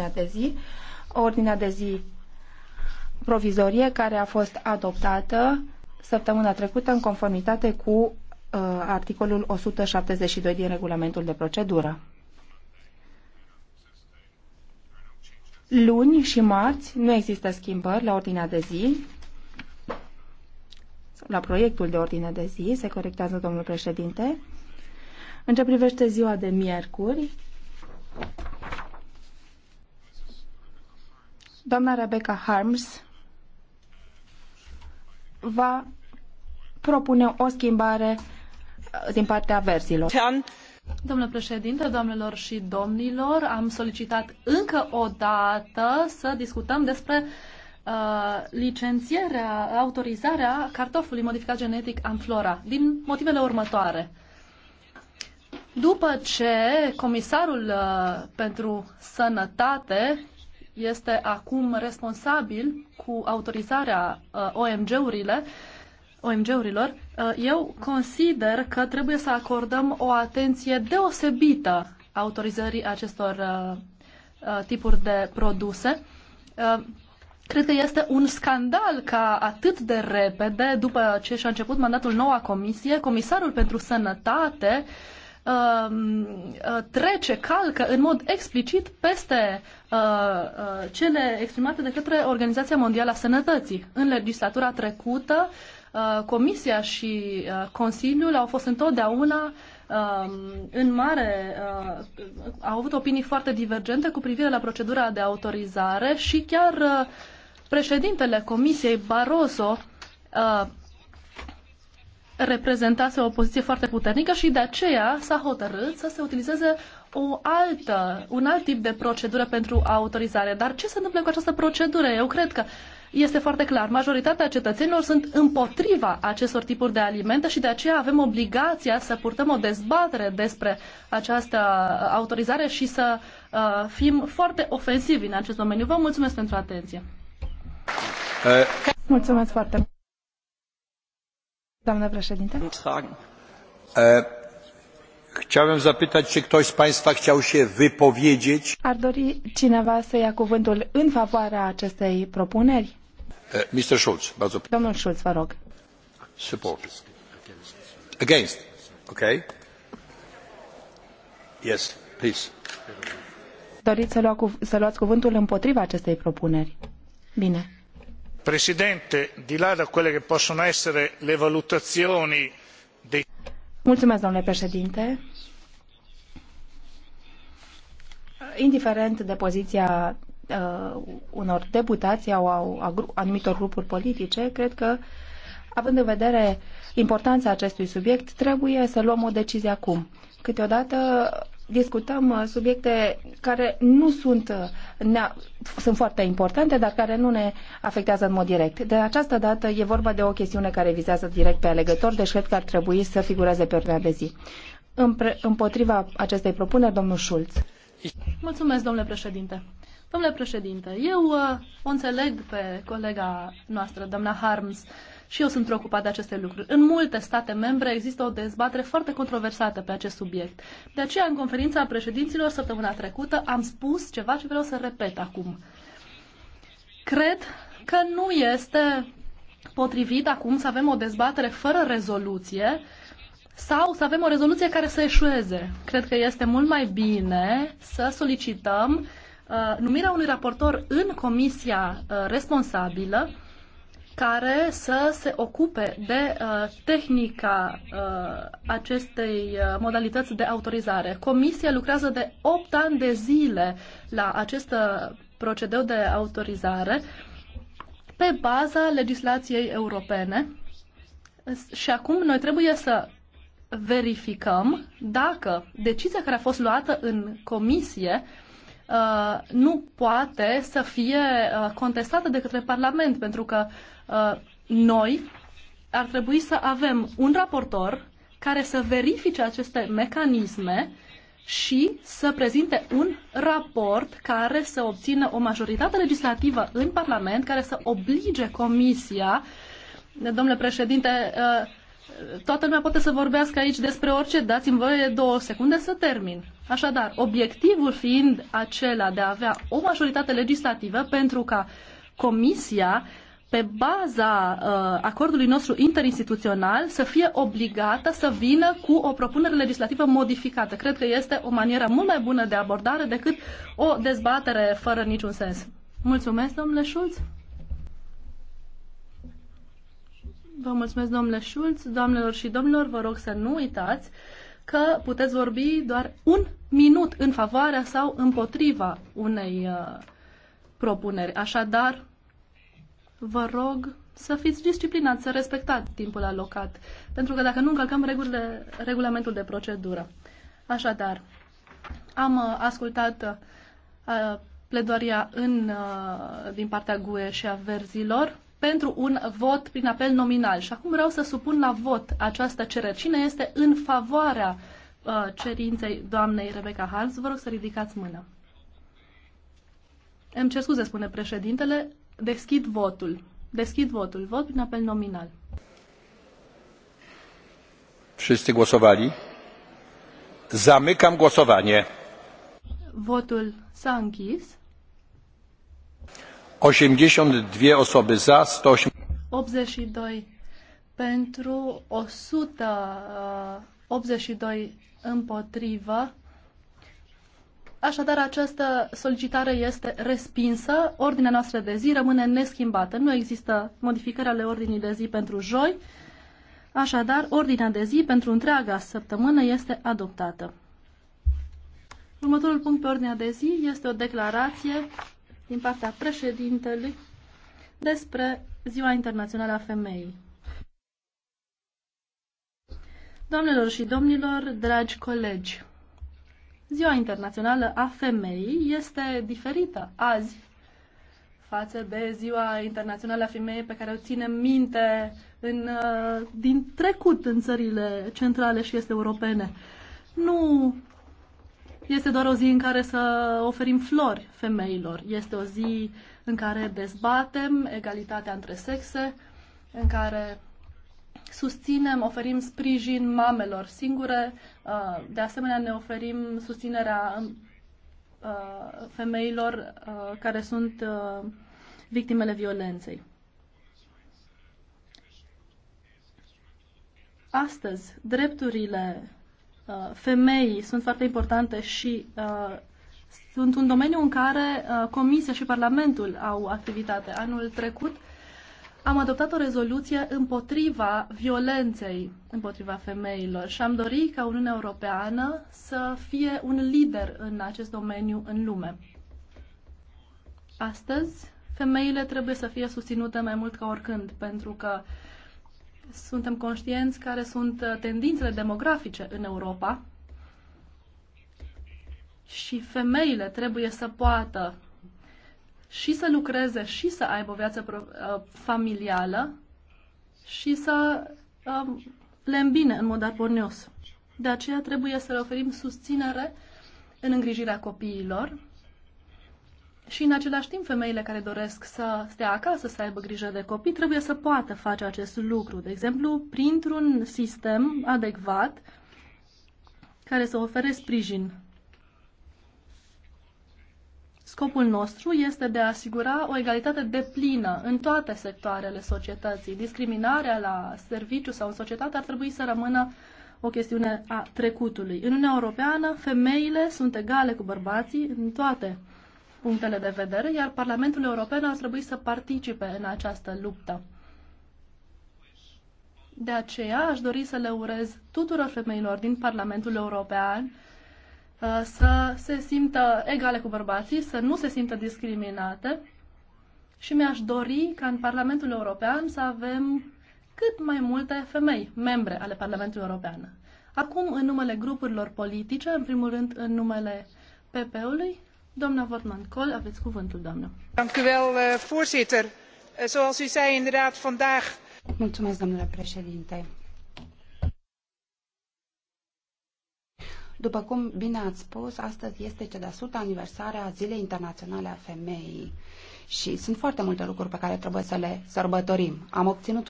ordinea de zi, ordinea de zi provizorie care a fost adoptată săptămâna trecută în conformitate cu uh, articolul 172 din regulamentul de procedură. Luni și marți nu există schimbări la ordinea de zi. La proiectul de ordine de zi se corectează domnul președinte. În ce privește ziua de miercuri, Doamna Rebecca Harms va propune o schimbare uh, din partea verzilor. Domnule președinte, domnilor și domnilor, am solicitat încă o dată să discutăm despre uh, licențierea, autorizarea cartofului modificat genetic Amflora, din motivele următoare. După ce comisarul uh, pentru sănătate este acum responsabil cu autorizarea uh, OMG-urile, OMG-urilor, uh, eu consider că trebuie să acordăm o atenție deosebită autorizării acestor uh, tipuri de produse. Cred că este un scandal ca atât de repede, după ce și-a început mandatul noua comisie, comisarul pentru sănătate uh, Um, uh, trece, calcă în mod explicit peste uh, uh, cele exprimate de către Organizația Mondială a Sănătății. În legislatura trecută, Comisia și Consiliul au fost întotdeauna um, în mare au avut opinii foarte divergente cu privire la procedura de autorizare și chiar președintele Comisiei Barroso reprezentase o poziție foarte puternică și de aceea s-a hotărât să se utilizeze o altă, un alt tip de procedură pentru autorizare. Dar ce se întâmplă cu această procedură? Eu cred că este foarte clar. Majoritatea cetățenilor sunt împotriva acestor tipuri de alimente și de aceea avem obligația să purtăm o dezbatere despre această autorizare și să uh, fim foarte ofensivi în acest domeniu. Vă mulțumesc pentru atenție. Uh. Mulțumesc foarte mult. Doamnă președinte. Chciałem zapytać, czy ktoś z Państwa chciał się wypowiedzieć? Ar dori cineva să ia cuvântul în favoarea acestei propuneri? Mr. Schulz, bardzo Domnul Schulz, vă rog. Support. Against. Ok. Yes, please. Doriți să, lua cuv- să luați cuvântul împotriva acestei propuneri? Bine presidente di là da quelle che possono essere le valutazioni dei. Mulțumesc, domnule președinte. Indiferent de poziția uh, unor deputați sau a, a, anumitor grupuri politice, cred că, având în vedere importanța acestui subiect, trebuie să luăm o decizie acum. Câteodată discutăm uh, subiecte care nu sunt, uh, ne, sunt foarte importante, dar care nu ne afectează în mod direct. De această dată e vorba de o chestiune care vizează direct pe alegător deci cred că ar trebui să figureze pe ordinea de zi. Împre, împotriva acestei propuneri, domnul Schulz. Mulțumesc, domnule președinte. Domnule președinte, eu uh, o înțeleg pe colega noastră, doamna Harms, și eu sunt preocupat de aceste lucruri. În multe state membre există o dezbatere foarte controversată pe acest subiect. De aceea, în conferința președinților săptămâna trecută, am spus ceva ce vreau să repet acum. Cred că nu este potrivit acum să avem o dezbatere fără rezoluție sau să avem o rezoluție care să eșueze. Cred că este mult mai bine să solicităm uh, numirea unui raportor în comisia uh, responsabilă care să se ocupe de uh, tehnica uh, acestei uh, modalități de autorizare. Comisia lucrează de 8 ani de zile la acest uh, procedeu de autorizare pe baza legislației europene și acum noi trebuie să verificăm dacă decizia care a fost luată în comisie uh, Uh, nu poate să fie uh, contestată de către Parlament, pentru că uh, noi ar trebui să avem un raportor care să verifice aceste mecanisme și să prezinte un raport care să obțină o majoritate legislativă în Parlament, care să oblige Comisia. Domnule președinte, Toată lumea poate să vorbească aici despre orice, dați-mi voie două secunde să termin. Așadar, obiectivul fiind acela de a avea o majoritate legislativă pentru ca Comisia, pe baza uh, acordului nostru interinstituțional, să fie obligată să vină cu o propunere legislativă modificată. Cred că este o manieră mult mai bună de abordare decât o dezbatere fără niciun sens. Mulțumesc, domnule Schulz. Vă mulțumesc, domnule Schulz. Doamnelor și domnilor, vă rog să nu uitați că puteți vorbi doar un minut în favoarea sau împotriva unei uh, propuneri. Așadar, vă rog să fiți disciplinați, să respectați timpul alocat, pentru că dacă nu încălcăm regulile, regulamentul de procedură. Așadar, am uh, ascultat uh, pledoaria în, uh, din partea GUE și a verzilor pentru un vot prin apel nominal. Și acum vreau să supun la vot această cerere. Cine este în favoarea uh, cerinței doamnei Rebecca Hans? Vă rog să ridicați mâna. Îmi cer scuze, spune președintele. Deschid votul. Deschid votul. Vot prin apel nominal. Wszyscy głosowali? Zamykam głosowanie. Votul s-a închis. 82 osoby za, 108... pentru, 182 uh, împotrivă. Așadar, această solicitare este respinsă. Ordinea noastră de zi rămâne neschimbată. Nu există modificări ale ordinii de zi pentru joi. Așadar, ordinea de zi pentru întreaga săptămână este adoptată. Următorul punct pe ordinea de zi este o declarație din partea președintelui despre Ziua Internațională a Femeii. Doamnelor și domnilor, dragi colegi, Ziua Internațională a Femeii este diferită azi față de Ziua Internațională a Femeii pe care o ținem minte în, uh, din trecut în țările centrale și este europene. Nu este doar o zi în care să oferim flori femeilor. Este o zi în care dezbatem egalitatea între sexe, în care susținem, oferim sprijin mamelor singure, uh, de asemenea ne oferim susținerea uh, femeilor uh, care sunt victimele violenței. Astăzi, drepturile Uh, femei sunt foarte importante și uh, sunt un domeniu în care uh, Comisia și Parlamentul au activitate. Anul trecut am adoptat o rezoluție împotriva violenței împotriva femeilor și am dorit ca Uniunea Europeană să fie un lider în acest domeniu în lume. Astăzi, femeile trebuie să fie susținute mai mult ca oricând, pentru că suntem conștienți care sunt uh, tendințele demografice în Europa și femeile trebuie să poată și să lucreze și să aibă o viață uh, familială și să um, le îmbine în mod armonios. De aceea trebuie să le oferim susținere în îngrijirea copiilor și în același timp, femeile care doresc să stea acasă, să aibă grijă de copii, trebuie să poată face acest lucru, de exemplu, printr-un sistem adecvat care să ofere sprijin. Scopul nostru este de a asigura o egalitate deplină în toate sectoarele societății. Discriminarea la serviciu sau în societate ar trebui să rămână o chestiune a trecutului. În Uniunea Europeană, femeile sunt egale cu bărbații în toate punctele de vedere, iar Parlamentul European ar trebui să participe în această luptă. De aceea aș dori să le urez tuturor femeilor din Parlamentul European uh, să se simtă egale cu bărbații, să nu se simtă discriminate și mi-aș dori ca în Parlamentul European să avem cât mai multe femei membre ale Parlamentului European. Acum, în numele grupurilor politice, în primul rând în numele PP-ului, Eh, voorzitter. Eh, zoals u zei, inderdaad, vandaag... Mulțumesc, domnule președinte. După cum bine ați spus, astăzi este cea de-a sută aniversare a Zilei Internaționale a Femeii și sunt foarte multe lucruri pe care trebuie să le sărbătorim. Am obținut